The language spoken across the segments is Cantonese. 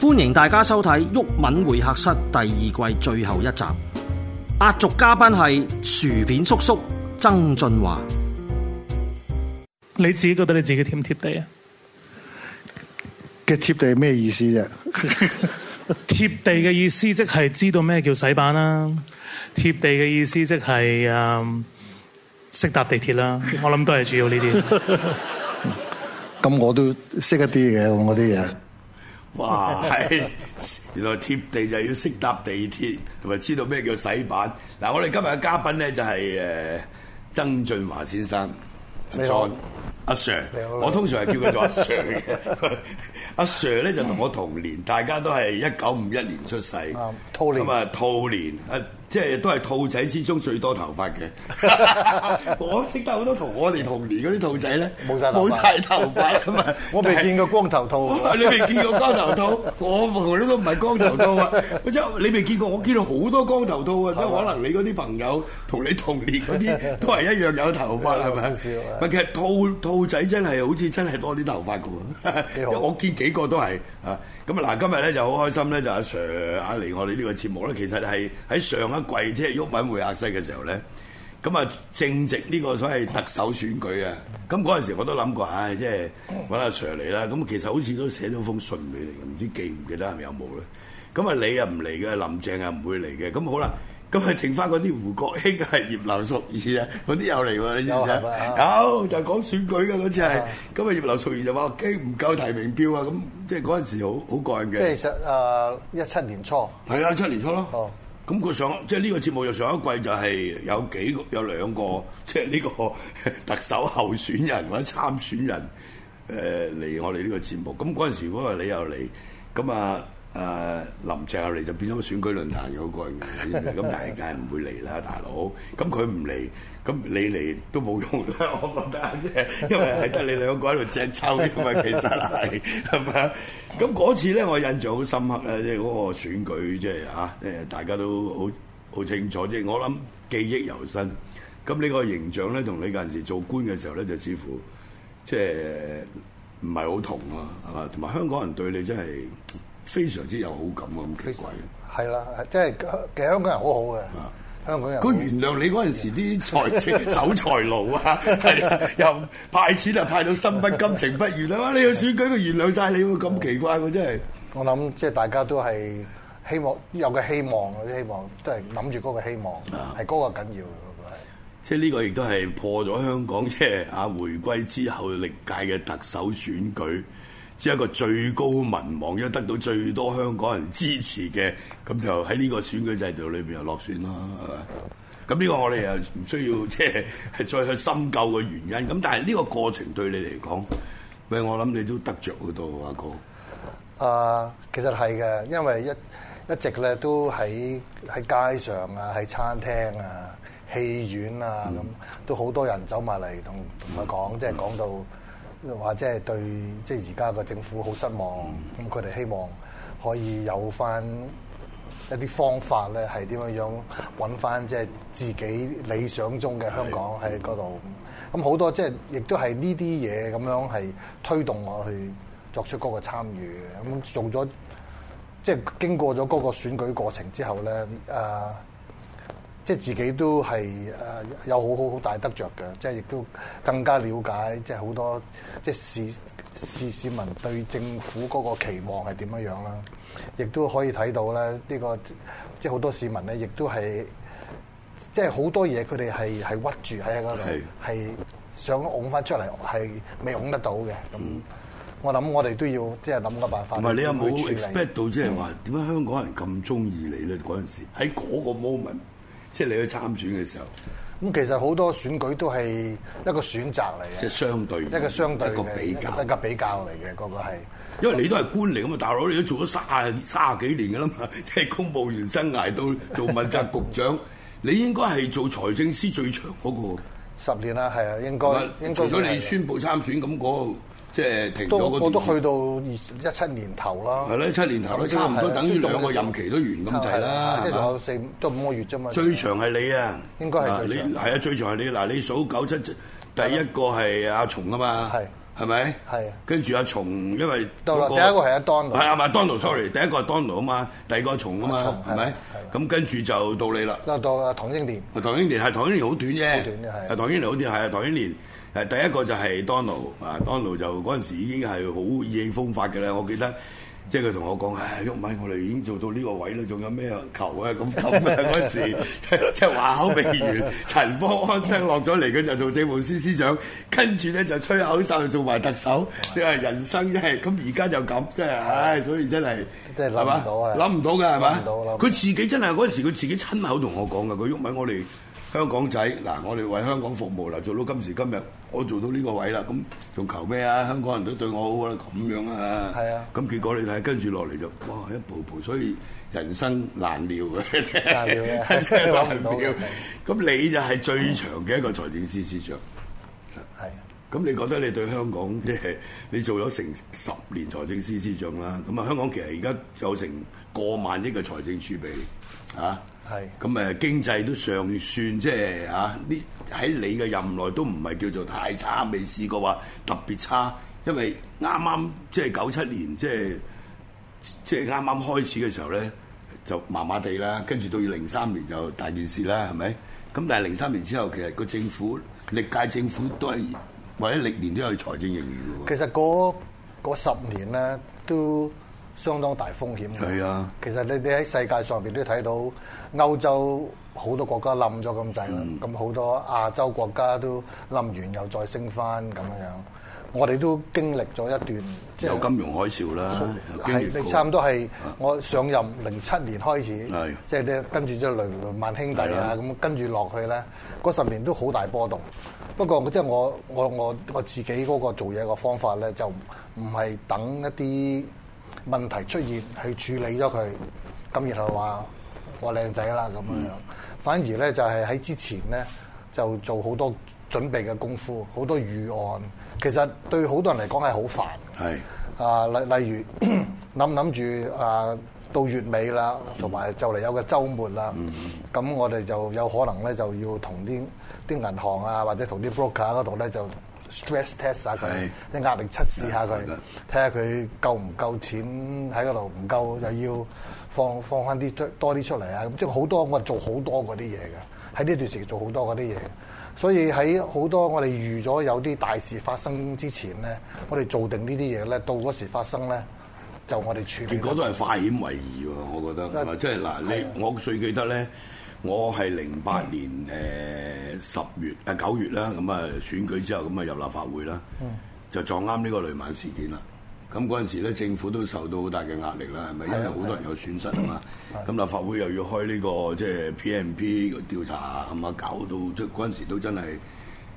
歡迎大家收睇《毓民會客室》第二季最後一集。壓軸嘉賓係薯片叔叔曾俊華。你自己覺得你自己貼唔貼地啊？嘅貼地係咩意思啫？貼 地嘅意思即係知道咩叫洗板啦。貼地嘅意思即係誒，識、嗯、搭地鐵啦。我諗都係主要呢啲。咁 我都識一啲嘅，我啲嘢。 哇！係，原來貼地就要識搭地鐵，同埋知道咩叫洗版。嗱，我哋今日嘅嘉賓咧就係誒曾俊華先生，你 John，阿 Sir，你你我通常係叫佢做阿 Sir 嘅。 阿 Sir 咧就同我同年，嗯、大家都係一九五一年出世，咁啊兔年。是即係都係兔仔之中最多頭髮嘅 我識得好多同我哋同年嗰啲兔仔咧，冇晒頭髮。冇曬頭髮啊 我未見過光頭兔。 你未見過光頭兔？ 我同你都唔係光頭兔啊！即 你未見過，我見到好多光頭兔啊！ 即係可能你嗰啲朋友同你同年嗰啲都係一樣有頭髮係咪？笑啊，唔係！ 其實兔兔仔真係好似真係多啲頭髮嘅喎， 因為我見幾個都係啊。咁啊！嗱，今日咧就好開心咧，就、啊、阿 Sir 啊嚟我哋呢個節目咧。其實係喺上一季即係毓民會客室嘅時候咧，咁啊正值呢個所謂特首選舉啊。咁嗰陣時我都諗過，唉，即係揾阿 Sir 嚟啦。咁其實好似都寫咗封信俾你嘅，唔知記唔記得係咪有冇咧？咁啊，你啊唔嚟嘅，林鄭啊唔會嚟嘅。咁好啦。咁啊，剩翻嗰啲胡國興係葉劉淑儀啊，嗰啲又嚟喎，你知唔知、哦、有就係、是、講選舉嘅嗰次係，咁、哦、啊葉劉淑儀就話驚唔夠提名票啊，咁即係嗰陣時好好過癮嘅。即係實誒一七年初。係啊，一七年初咯。咁、哦、佢上即係呢個節目又上一季就係有幾個有兩個即係、這、呢個特首候選人或者參選人誒嚟、呃、我哋呢個節目，咁嗰陣時嗰個你又嚟咁啊。誒、啊、林鄭嚟就變咗個選舉論壇嘅個概念，咁但係梗係唔會嚟啦，大佬。咁佢唔嚟，咁你嚟都冇用啦。我覺得，因為係得你兩個喺度正抽嘅嘛，其實係係咪？咁嗰次咧，我印象好深刻啊！即係嗰個選舉，即係啊、誒，大家都好好清楚係我諗記憶猶新。咁呢個形象咧，同你嗰陣時做官嘅時候咧，就似乎即係唔係好同啊？係咪啊？同埋香港人對你真係～、就是非常之有好感喎，咁奇怪嘅。係啦，即係其實香港人好好嘅，香港人。佢原諒你嗰陣時啲財政走 財路啊， 又派錢啊，派到心不甘情不願啊，你個選舉佢原諒晒你喎，咁奇怪真係。我諗即係大家都係希望有個希望係啊係啊嗰個嘅係啊啊，啲希望都係諗住嗰個希望係嗰個緊要嘅。即係呢個亦都係破咗香港即係啊，即係、回歸之後歷屆嘅特首選舉。即係一個最高民望，即得到最多香港人支持嘅，咁就喺呢個選舉制度裏邊又落選啦，係咪？咁呢個我哋又唔需要即係、係、再去深究嘅原因。咁但係呢個過程對你嚟講，喂，我諗你都得着好多阿哥。啊，其實係嘅，因為一一直咧都喺喺街上啊、喺餐廳啊、戲院啊咁、嗯，都好多人走埋嚟同同佢講，嗯、即係講到。或者係對即係而家個政府好失望，咁佢哋希望可以有翻一啲方法咧，係點樣樣揾翻即係自己理想中嘅香港喺嗰度。咁、嗯、好多即係亦都係呢啲嘢咁樣係推動我去作出嗰個參與。咁做咗即係經過咗嗰個選舉過程之後咧，啊、呃！即係自己都係誒有好好好大得着嘅，即係亦都更加了解很，即係好多即係市市市民對政府嗰個期望係點樣樣啦。亦都可以睇到咧，呢個即係好多市民咧，亦都係即係好多嘢，佢哋係係屈住喺嗰度，係想拱翻出嚟，係未拱得到嘅。咁、嗯、我諗我哋都要即係諗個辦法。唔係你有冇 expect 到、就是，即係話點解香港人咁中意你咧？嗰陣時喺嗰個 moment。即係你去參選嘅時候，咁其實好多選舉都係一個選擇嚟嘅，即係相對一個相對嘅一個比較，一個比較嚟嘅，個個係。因為你都係官嚟㗎嘛，大佬你都做咗三十、三十幾年㗎啦嘛，即係公務員生涯到做問責局長， 你應該係做財政司最長嗰個。十年啦，係啊，應該。除咗你宣布參選，咁嗰即係停咗個。我都去到二一七年頭啦。係啦，一七年頭都差唔多，差唔多，差唔多，等於兩個任期都完咁滯啦，即係仲有四多五個月啫嘛。最長係你啊，應該係你。長。係啊，最長係你嗱，你數九七，第一個係阿松係係係係啊嘛，係咪？係。跟住阿松，因為、嗰個、對第一個係阿 Donald。係啊，Donald，sorry，第一個係 Donald 啊嘛，第二個松啊嘛，係咪？咁跟住就到你啦。到到唐英年。唐英年係唐英年好短啫。好短嘅係。係唐英年好短，係啊，唐英年。誒第一個就係 Donald，啊 Donald 就嗰陣時已經係好意氣風發嘅啦。我記得即係佢同我講：唉、哎，毓民，我哋已經做到呢個位啦，仲有咩求啊？咁咁嘅嗰時，即 係話口未完，陳方安生落咗嚟，佢就做政務司司長，跟住咧就吹口哨做埋特首，即係人生一、就、係、是。咁而家就咁，即係，唉，所以真係係嘛，諗唔到啊，諗唔到㗎係嘛，佢自己真係嗰陣時佢自己親口同我講嘅，佢毓民，我哋。香港仔嗱，我哋為香港服務啦，做到今時今日，我做到呢個位啦，咁仲求咩啊？香港人都對我好啦，咁樣啊，係啊，咁結果你睇，跟住落嚟就哇一步步，所以人生難料嘅，難料嘅， 難料。咁你就係最長嘅一個財政司司長。咁你覺得你對香港即係、就是、你做咗成十年財政司司長啦？咁啊，香港其實而家有成過萬億嘅財政儲備啊，咁、啊、誒，經濟都尚算即係嚇呢喺你嘅任內都唔係叫做太差，未試過話特別差。因為啱啱即係九七年即係即係啱啱開始嘅時候咧，就麻麻地啦。跟住到零三年就大件事啦，係咪？咁但係零三年之後，其實個政府歷屆政府都係。或者歷年都有財政盈餘。其實嗰十年咧都相當大風險嘅。係啊。其實你你喺世界上邊都睇到歐洲好多國家冧咗咁滯啦，咁、嗯、好多亞洲國家都冧完又再升翻咁樣樣。我哋都經歷咗一段即係，有金融海嘯啦，係你差唔多係我上任零七年開始，即係咧跟住即係雷雷曼兄弟啊，咁跟住落去咧，嗰十年都好大波動。不過即係、就是、我我我我自己嗰個做嘢嘅方法咧，就唔係等一啲問題出現去處理咗佢，咁然後話我靚仔啦咁樣樣，反而咧就係喺之前咧就做好多準備嘅功夫，好多預案，其實對好多人嚟講係好煩。係啊，例例如諗諗住啊， 想想到，到月尾啦，同埋就嚟有，有個週末啦。嗯。咁我哋就有可能咧，就要同啲啲銀行啊，或者同啲 broker 嗰度咧，就 stress test 下佢，啲壓力測試下佢，睇下佢夠唔夠錢喺嗰度，唔夠又要放放翻啲多啲出嚟啊！咁即係好多，我哋做好多嗰啲嘢嘅。喺呢段時期做好多嗰啲嘢，所以喺好多我哋預咗有啲大事發生之前咧，我哋做定呢啲嘢咧，到嗰時發生咧，就我哋處理。結果都係化險為夷喎，我覺得即係嗱，你我最記得咧，我係零八年誒十月誒九、啊、月啦，咁啊選舉之後咁啊入立法會啦，就撞啱呢個雷曼事件啦。咁嗰陣時咧，政府都受到好大嘅壓力啦，係咪？因為好多人有損失啊嘛。咁、啊、立法會又要開呢、這個即係、就是、PMP 調查，咁啊，搞到即嗰時都真係，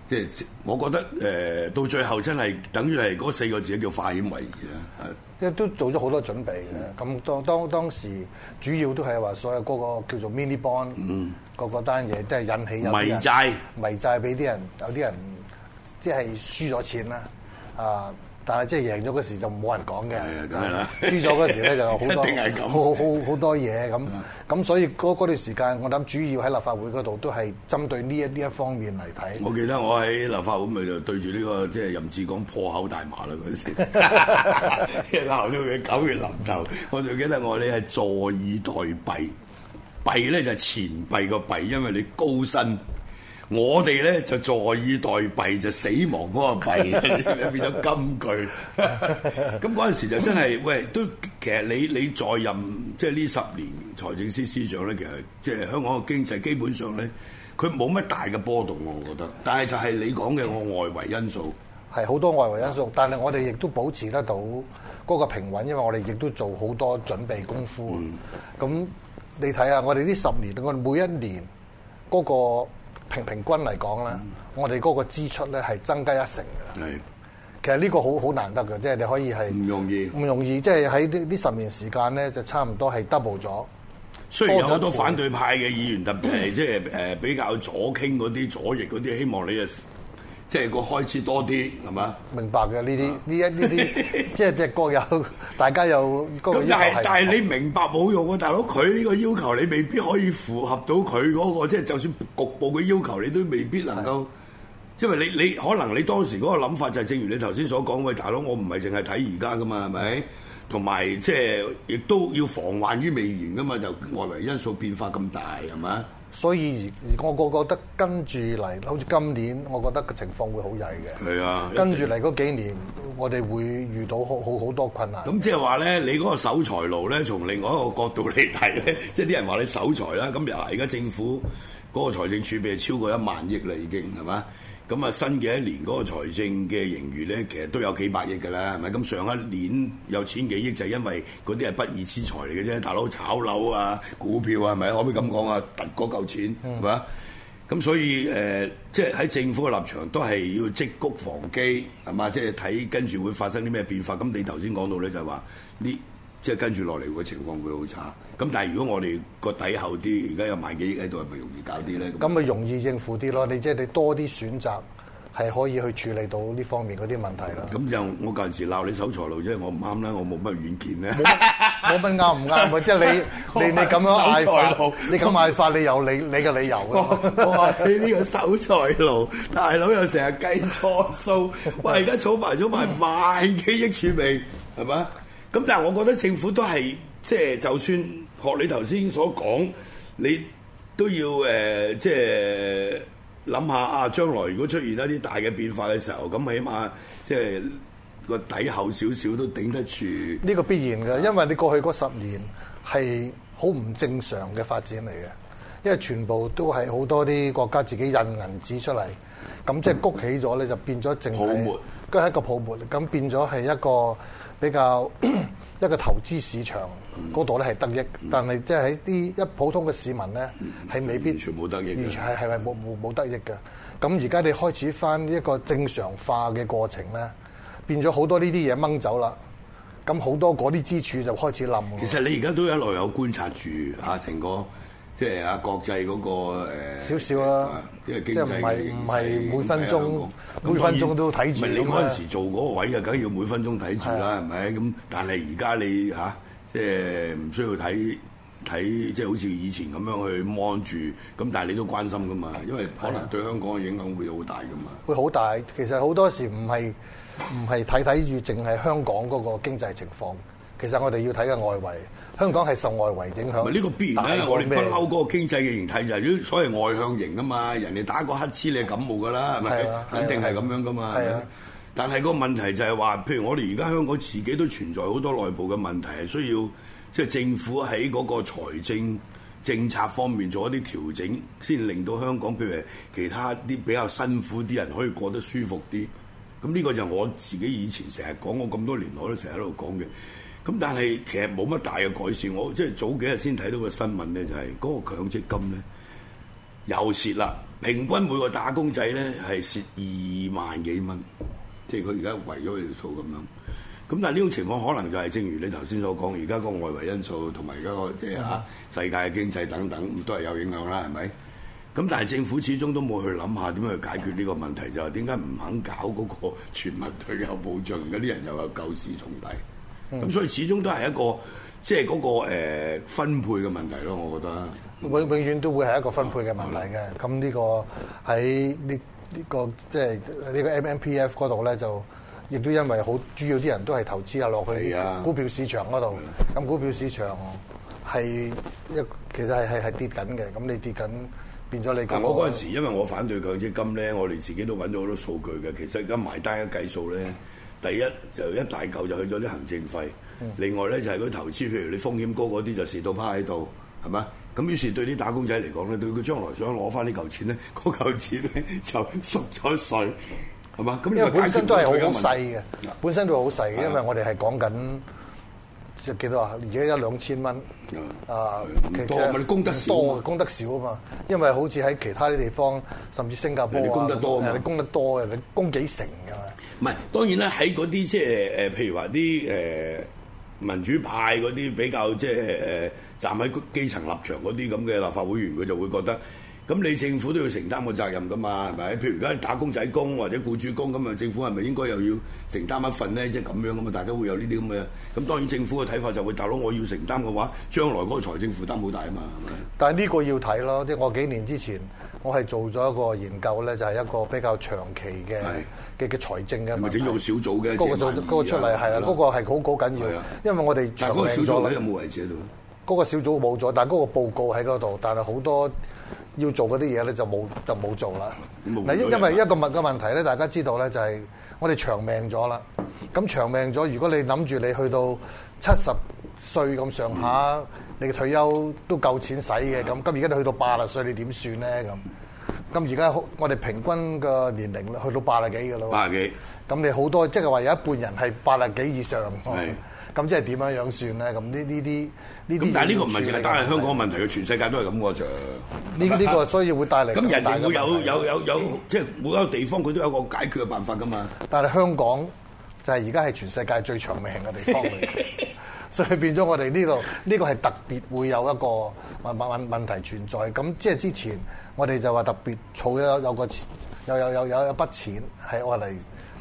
即、就、係、是、我覺得、呃、到最後真係等於係嗰四個字叫化險為夷啦。即都、啊、做咗好多準備嘅。咁、嗯、當當時主要都係話，所有嗰個叫做 mini bond，嗰、嗯、個單嘢都係引起有啲人迷債，迷債俾啲人，有啲人即係輸咗錢啦。啊！但係即係贏咗嗰時就冇人講嘅，輸咗嗰時咧就好多好好好多嘢咁。咁、嗯、所以嗰嗰段時間，我諗主要喺立法會嗰度都係針對呢一呢一方面嚟睇。我記得我喺立法會咪就對住呢、這個即係、就是、任志剛破口大罵啦嗰時，鬧到佢狗血淋頭。我就記得我哋係坐以待幣。幣咧就錢幣個幣，因為你高薪。我哋咧就坐以待斃，就死亡嗰個斃變咗金句。咁嗰陣時就真係喂，都其實你你在任即係呢十年財政司司長咧，其實即係香港嘅經濟基本上咧，佢冇乜大嘅波動，我覺得，但係就係你講嘅個外圍因素係好多外圍因素，但係我哋亦都保持得到嗰個平穩，因為我哋亦都做好多準備功夫。咁、嗯、你睇下，我哋呢十年，我每一年嗰、那個。平平均嚟講咧，我哋嗰個支出咧係增加一成嘅。係，其實呢個好好難得嘅，即係你可以係唔容易，唔容易，即係喺呢呢十年時間咧，就差唔多係 double 咗。雖然有好多反對派嘅議員，特別係即係誒比較左傾嗰啲、左翼嗰啲，希望你誒。即係個開始多啲係嘛？明白嘅呢啲呢一呢啲，即係即係各有大家有各但係你明白冇用啊，大佬！佢呢個要求你未必可以符合到佢嗰個，即係就算局部嘅要求，你都未必能夠。因為你你可能你當時嗰個諗法就係正如你頭先所講，喂，大佬，我唔係淨係睇而家噶嘛，係咪？同埋即係亦都要防患於未然㗎嘛，就外圍因素變化咁大係嘛？所以而而我個覺得跟住嚟，好似今年，我覺得個情況會好曳嘅。係啊，跟住嚟嗰幾年，我哋會遇到好好好多困難。咁即係話咧，你嗰個守財奴咧，從另外一個角度嚟睇咧，即係啲人話你守財啦。咁又，而家政府嗰個財政儲備係超過一萬億啦，已經係嘛？咁啊，新嘅一年嗰個財政嘅盈餘咧，其實都有幾百億㗎啦，係咪？咁上一年有千幾億，就係因為嗰啲係不義之財嚟嘅啫，大佬炒樓啊、股票啊，係咪？可唔可以咁講啊？揼嗰嚿錢係咪啊？咁所以誒，即係喺政府嘅立場都係要積谷防饑，係咪啊？即係睇跟住會發生啲咩變化。咁你頭先講到咧，就係話呢。即係跟住落嚟個情況會好差，咁但係如果我哋個底厚啲，而家有萬幾億喺度，係咪容易搞啲咧？咁咪容易應付啲咯、嗯？你即係你多啲選擇，係可以去處理到呢方面嗰啲問題啦。咁、嗯、就我近時鬧你守財路，即係我唔啱呢，對對 我冇乜遠見咧，冇乜啱唔啱？即係你你你咁樣嗌你咁嗌法，你有你你理由嘅。我話你呢個守財路， 大佬又成日計錯數。我而家儲埋咗埋萬幾億儲備，係 嘛？咁但係我覺得政府都係即係，就係、就算學你頭先所講，你都要誒，即係諗下啊，將來如果出現一啲大嘅變化嘅時候，咁起碼即係個底厚少少都頂得住。呢個必然㗎，因為你過去嗰十年係好唔正常嘅發展嚟嘅。因為全部都係好多啲國家自己印銀紙出嚟，咁即係谷起咗咧，就變咗淨係跟一個泡沫，咁變咗係一個比較一個投資市場嗰度咧係得益，嗯嗯、但係即係喺啲一普通嘅市民咧係未必全部得益嘅。係係咪冇冇冇得益嘅？咁而家你開始翻一個正常化嘅過程咧，變咗好多呢啲嘢掹走啦，咁好多嗰啲支柱就開始冧。其實你而家都一路有觀察住阿成哥。即係啊，國際嗰、嗰個誒少少啦，即係經濟唔係每分鐘，每分鐘都睇住嘅。唔係你嗰陣時做嗰個位嘅，梗要每分鐘睇住啦，係咪？咁但係而家你嚇，即係唔需要睇睇，即係、就是、好似以前咁樣去望住。咁但係你都關心㗎嘛，因為可能對香港嘅影響會好大㗎嘛。會好大。其實好多時唔係唔係睇睇住，淨係香港嗰個經濟情況。其實我哋要睇嘅外圍，香港係受外圍影響。呢、呢個必然咧，我哋不嬲嗰個經濟嘅形態就係所謂外向型噶嘛，人哋打個乞嗤你感冒噶啦，唔係肯定係咁樣噶嘛。但係個問題就係話，譬如我哋而家香港自己都存在好多內部嘅問題，係需要即係、即係、政府喺嗰個財政政策方面做一啲調整，先令到香港譬如其他啲比較辛苦啲人可以過得舒服啲。咁呢個就係我自己以前成日講，我咁多年我都成日喺度講嘅。咁但係其實冇乜大嘅改善，我即係早幾日先睇到個新聞咧，就係嗰個強積金咧又蝕啦，平均每個打工仔咧係蝕二萬幾蚊，即係佢而家為咗條數咁樣。咁但係呢種情況可能就係正如你頭先所講，而家個外圍因素同埋而家個即係世界經濟等等都係有影響啦，係咪？咁但係政府始終都冇去諗下點樣去解決呢個問題，就係點解唔肯搞嗰個全民退休保障？而家啲人又有舊事重提。咁所以始終都係一個即係嗰個分配嘅問題咯，我覺得永、嗯、永遠都會係一個分配嘅問題嘅。咁、啊、呢個喺呢呢個即係呢個 MPF 嗰度咧，就，是、就亦都因為好主要啲人都係投資下落去的股票市場嗰度。咁股票市場係一其實係係係跌緊嘅。咁你跌緊變咗你嗱，我嗰陣時，因為我反對強積金咧，我哋自己都揾咗好多數據嘅。其實而家埋單嘅計數咧。第一就一大嚿就去咗啲行政費，嗯、另外咧就係佢啲投資，譬如你風險高嗰啲就蝕到趴喺度，係嘛？咁於是對啲打工仔嚟講咧，對佢將來想攞翻啲嚿錢咧，嗰嚿錢咧就縮咗水，係嘛？因為本身都係好細嘅，本身都係好細嘅。啊、因為我哋係講緊即係幾多啊？而家一兩千蚊啊，唔多，你供得少多，供得少啊嘛。因為好似喺其他啲地方，甚至新加坡你供、啊、你供得多，人你供得多嘅，你供幾成㗎、啊？唔係，當然啦，喺嗰啲即係誒，譬如話啲誒民主派嗰啲比較即係誒站喺基層立場嗰啲咁嘅立法會員，佢就會覺得。咁你政府都要承擔個責任噶嘛，係咪？譬如而家打工仔工或者僱主工，咁啊政府係咪應該又要承擔一份咧？即係咁樣咁啊，大家會有呢啲咁嘅。咁當然政府嘅睇法就會大佬，我要承擔嘅話，將來嗰個財政負擔好大啊嘛，係咪？但係呢個要睇咯，即係我幾年之前我係做咗一個研究咧，就係、係、一個比較長期嘅嘅嘅財政嘅。咪整組小組嘅，嗰、嗰個嗰出嚟係啊，嗰、啊嗰個係好好緊要、啊，因為我哋長嗰個小組喺度冇位置喺度。嗰、嗰個小組冇咗，但係嗰個報告喺嗰度，但係好多。要做嗰啲嘢咧就冇就冇做啦。嗱，因因為一個物嘅問題咧，大家知道咧就係我哋長命咗啦。咁長命咗，如果你諗住你去到七十歲咁上下，嗯、你嘅退休都夠錢使嘅。咁而家你去到八十歲，你點算咧？咁咁而家我哋平均嘅年齡去到八十幾㗎咯。八十幾？咁你好多即係話有一半人係八十幾以上。係。咁即係點樣樣算咧？咁呢呢啲呢啲，咁但係呢個唔係淨係單係香港問題，全世界都係咁嘅象。呢呢、呢個所以會帶嚟，咁人哋會有有有有，即係每一個地方佢都有個解決嘅辦法㗎嘛。但係香港就係而家係全世界最長命嘅地方嚟， 所以變咗我哋呢度呢個係、呢個、特別會有一個問題存在。咁即係之前我哋就話特別儲咗有個錢有，有有有有一筆錢係我嚟。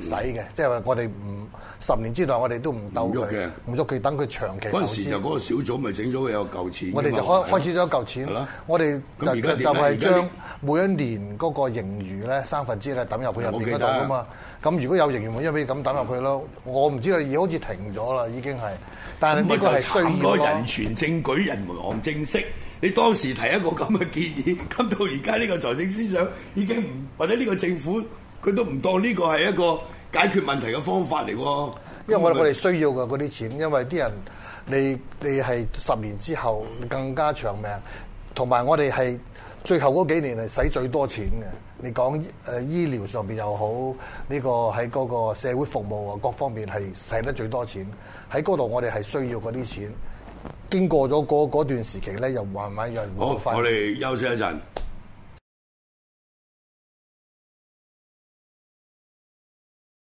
使嘅，即係話我哋唔十年之內我，我哋都唔鬥佢，嘅，唔足佢，等佢長期投資。嗰陣時就嗰個小組咪整咗佢有嚿錢。我哋就開開始咗嚿錢，我哋就就係、是、將每一年嗰個盈餘咧三分之一咧抌入去入邊嗰度噶嘛。咁如果有盈餘，咪一俾咁抌入去咯。我唔知道而家好似停咗啦，已經係。但係呢、這個係慘來人傳政舉人亡政息，你當時提一個咁嘅建議，咁 到而家呢個財政思想已經唔或者呢個政府。佢都唔當呢個係一個解決問題嘅方法嚟喎，因為，因為我哋需要嘅嗰啲錢，因為啲人你你係十年之後更加長命，同埋我哋係最後嗰幾年係使最多錢嘅。你講誒醫療上邊又好，呢、這個喺嗰個社會服務啊各方面係使得最多錢。喺嗰度我哋係需要嗰啲錢。經過咗嗰段時期咧，又慢慢又好好，我哋休息一陣。